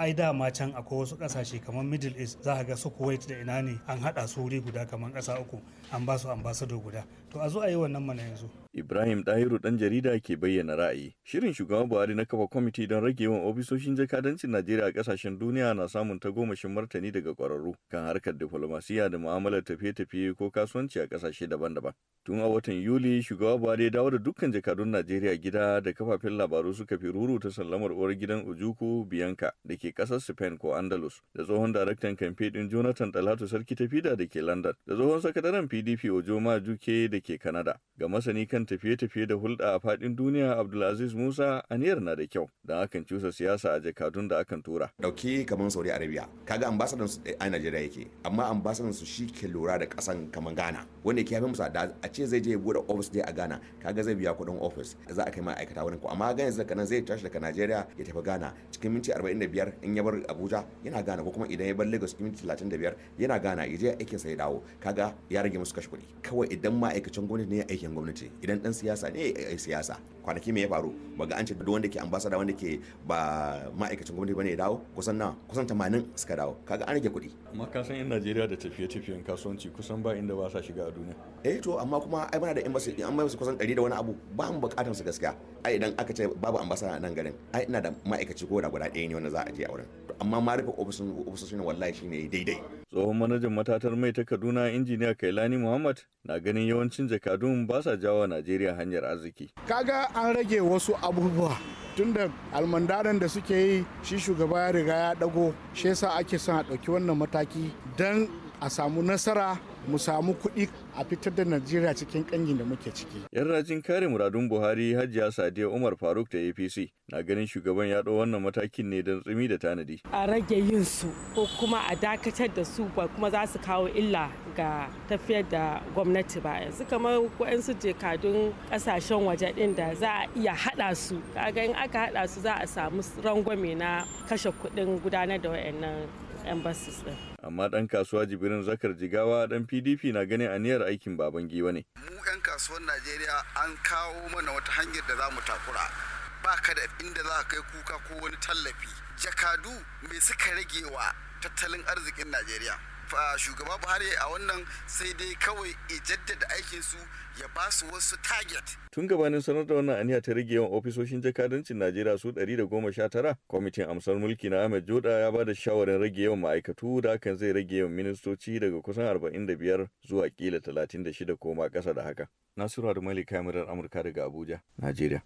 ai dama can akwai wasu kasashe kamar middle east za ga su kuwait da ina ne an haɗa su wuri guda kamar ƙasa uku an ba su ambasado guda to a zo a yi wannan mana yanzu Ibrahim Dahiru ɗan jarida ke bayyana ra'ayi. Shirin shugaban Buhari na kafa kwamiti don rage yawan ofisoshin jakadancin Najeriya a kasashen duniya na samun tagomashin martani daga kwararru kan harkar diflomasiyya da mu'amalar tafiye-tafiye ko kasuwanci a ƙasashe daban-daban. Tun a watan Yuli, shugaban Buhari ya dawo da dukkan jakadun Najeriya gida da kafafen labaru suka fi ruru ta sallamar uwar gidan Ujuku Bianca da ke kasar Spain ko Andalus da tsohon daraktan kamfe din Jonathan Talatu Sarki Tafida da ke London da tsohon sakataren PDP Ojo Majuke da ke Canada ga masani kan kan tafiye-tafiye da hulɗa a faɗin duniya Abdulaziz Musa aniyar na da kyau don hakan cusa siyasa a jakadun da akan tura. dauke kamar Saudi Arabia kaga ambasadan su a Najeriya yake amma ambasadan su shi ke lura da kasan kamar Ghana wanda ke yafi a ce zai je bude office dai a Ghana kaga zai biya kuɗin office za a kai aikata wurin ko amma ganin zai kana zai tashi daga Najeriya ya tafi Ghana cikin minti 45 in ya bar Abuja yana Ghana ko kuma idan ya bar Lagos cikin minti 35 yana Ghana ya je aikinsa ya dawo kaga ya rage musu kashe kuɗi kawai idan ma'aikacin gwamnati ne aikin gwamnati idan dan siyasa ne ya eh, eh, siyasa kwanaki me ya faru ba ga an ce duk wanda ke ambasada wanda ke ba ma'aikacin gwamnati bane ya dawo kusan na kusan 80 suka dawo kaga an rage kuɗi amma ka san yan Najeriya da tafiye-tafiyen kasuwanci kusan ba inda ba sa shiga a duniya eh to amma kuma ai muna da embassy an mai kusan 100 da wani abu ba mu bukatar su gaskiya ai idan aka ce babu ambasada nan garin ai ina da ma'aikaci ko da guda ɗaya ne wanda za a je a wurin amma ma rufe ofishin ofishin wallahi shine daidai tsohon manajan matatar mai ta Kaduna injiniya Kailani Muhammad na ganin yawancin jakadun ba sa jawo na Najeriya hanyar arziki. Kaga an rage wasu abubuwa tunda almandaran da suke yi shi shugaba ya riga ya dago shi yasa ake son a ɗauki wannan mataki don a samu nasara mu samu kuɗi a fitar da Najeriya cikin ƙangin da muke ciki. Yan rajin kare muradun Buhari Hajiya Sadiya Umar Faruk da APC na ganin shugaban ya ɗau wannan matakin ne don tsumi da tanadi. A rage yin su ko kuma a dakatar da su ba kuma za su kawo illa ga tafiyar da gwamnati ba yanzu kamar waɗansu jekadun ƙasashen waje ɗin da za a iya haɗa su kaga in aka haɗa su za a samu rangwame na kashe kuɗin gudanar da waɗannan embassies ɗin. amma ɗan kasuwa jibirin zakar jigawa dan pdp na ganin aniyar aikin baban giwa ne mu yan kasuwar najeriya an kawo mana wata hanyar da za mu takura ba ka da inda za ka kai kuka ko wani tallafi jakadu me suka rage wa tattalin arzikin najeriya shugaba buhari a wannan sai dai kawai ya jaddada su ya ba su wasu target tun gabanin sanar da wannan aniya ta rage yawan ofisoshin jakadancin najeriya su 119 kwamitin amsar mulki na ahmed joda ya ba da shawarin rage yawan ma'aikatu da hakan zai rage yawan ministoci daga kusan 45 zuwa kila 36 ko ma ƙasa da haka nasiru da malika murar amurka daga abuja najeriya